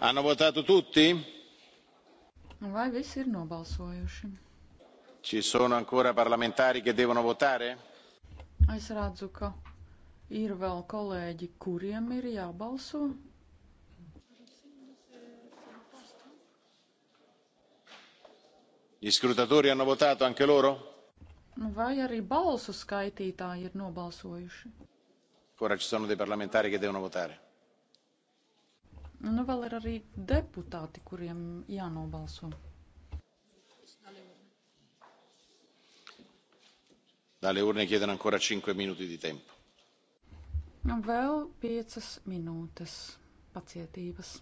Hanno votato tutti? Vai visi ir nobalsojuši. Ci sono ancora parlamentari che devono votare? Es redzu, ka ir vēl kolēģi, kuriem ir jābalso. Gli scrutatori hanno votato anche loro? Nu, vai arī balsu skaitītāji ir nobalsojuši. Ancora ci sono dei parlamentari che devono votare. Nu, vēl ir arī deputāti, kuriem jānobalso. Dalle urne chiedono ancora 5 minuti di tempo. Vēl 5 minūtes pacietības.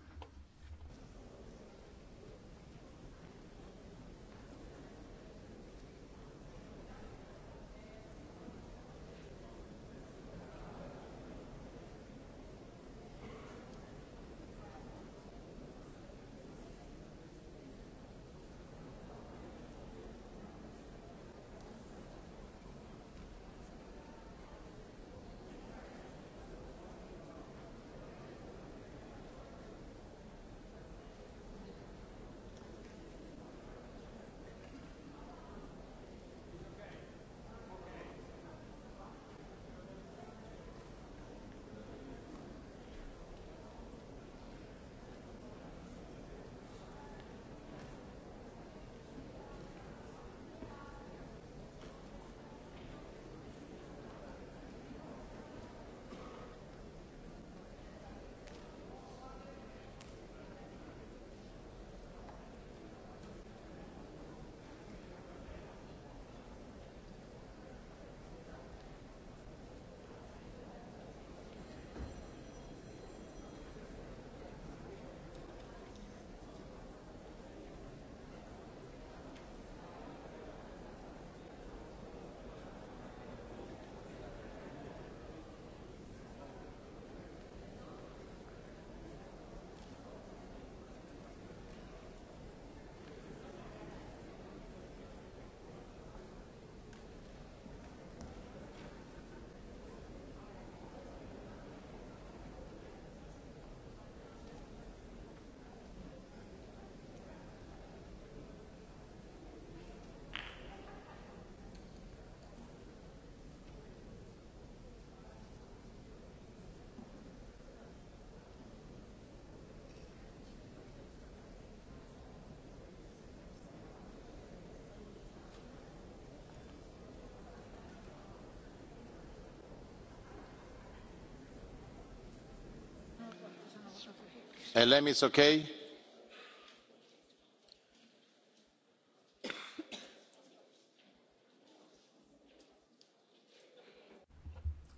elem is okay?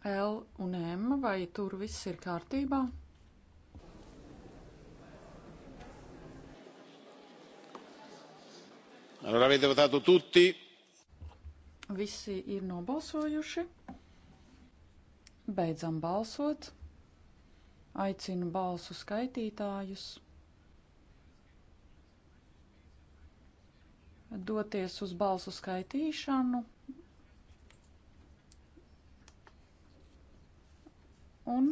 L un M, vai tur viss ir kārtībā? Allora avete votato tutti? Visi ir nobalsojuši. Beidzam balsot. Aicinu balsu skaitītājus doties uz balsu skaitīšanu un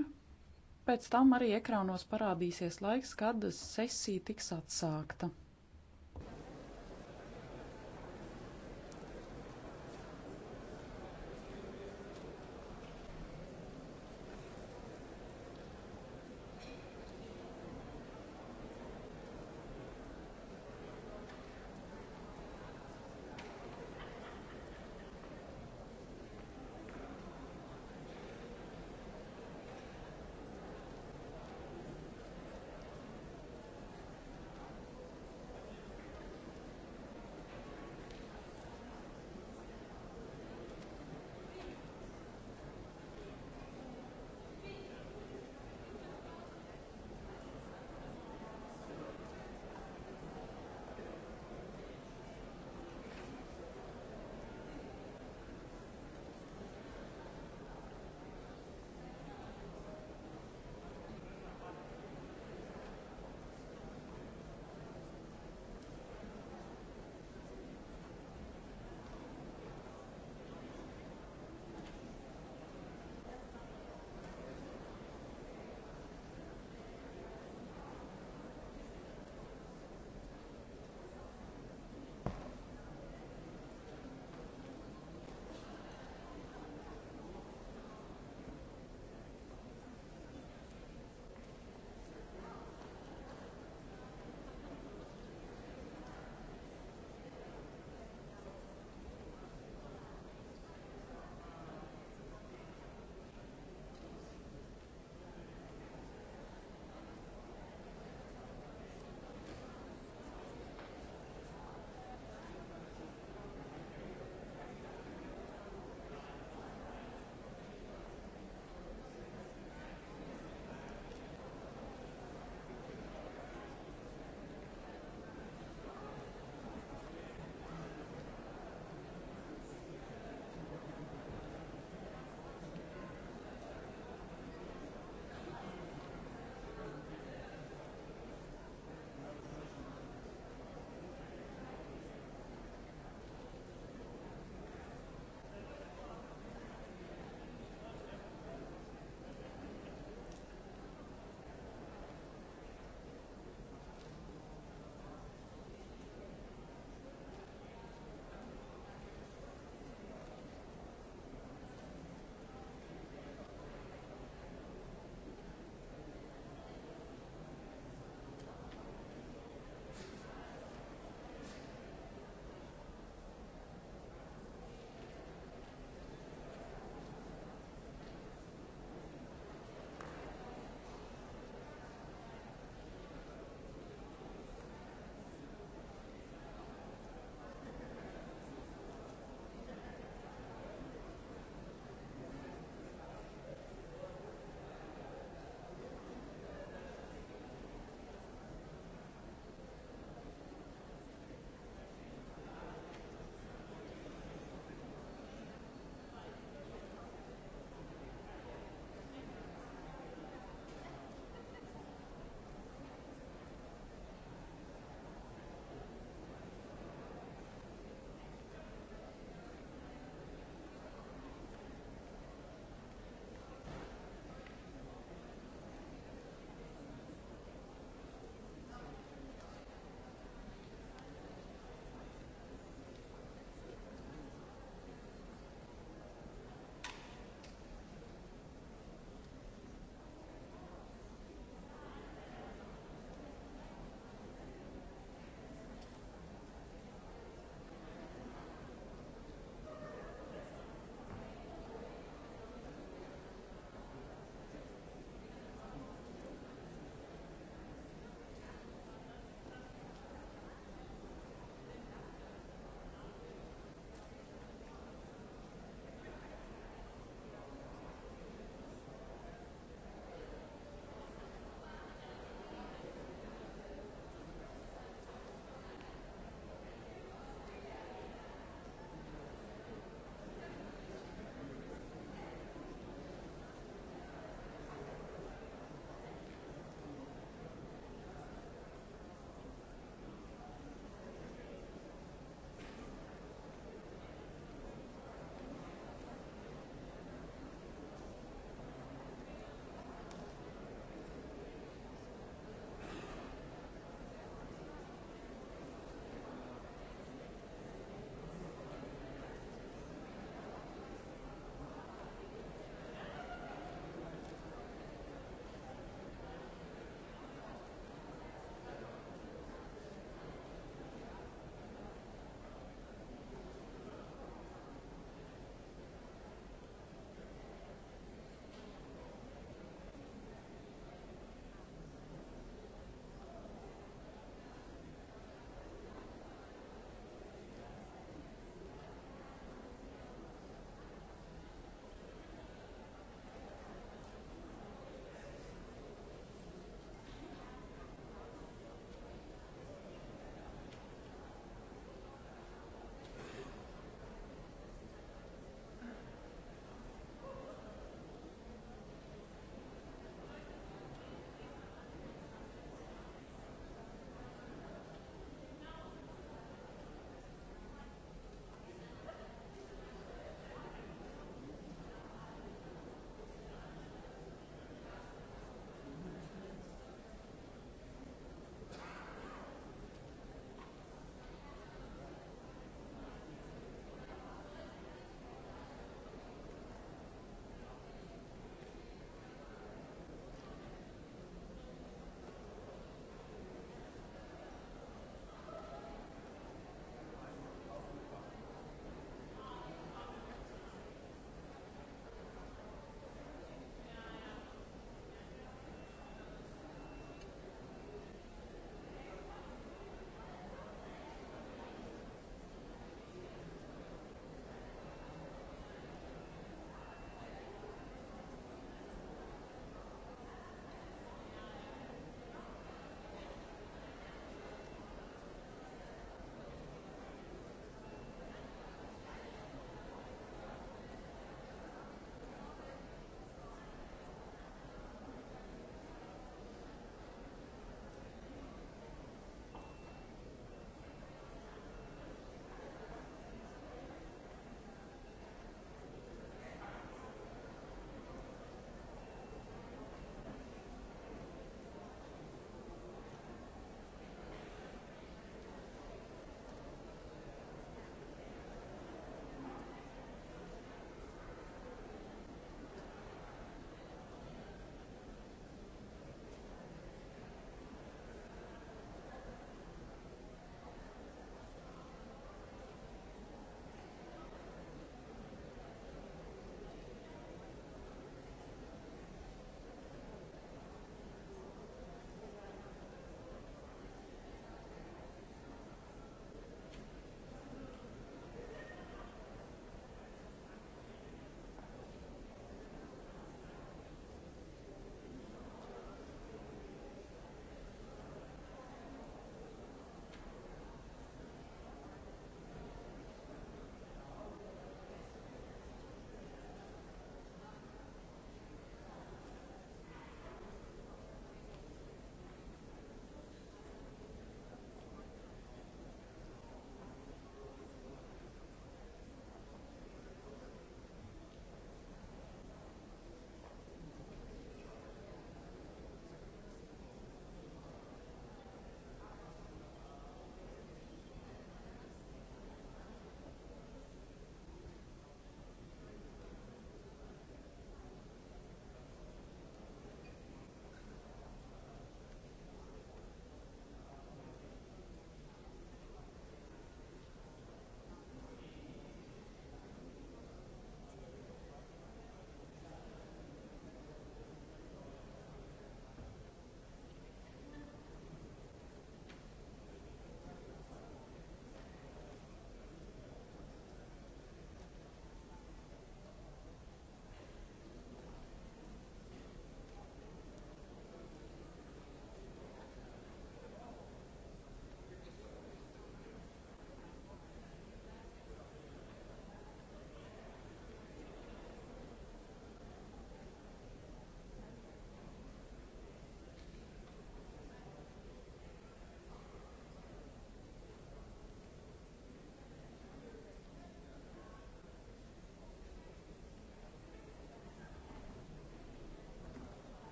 pēc tam arī ekrānos parādīsies laiks, kad sesija tiks atsākta.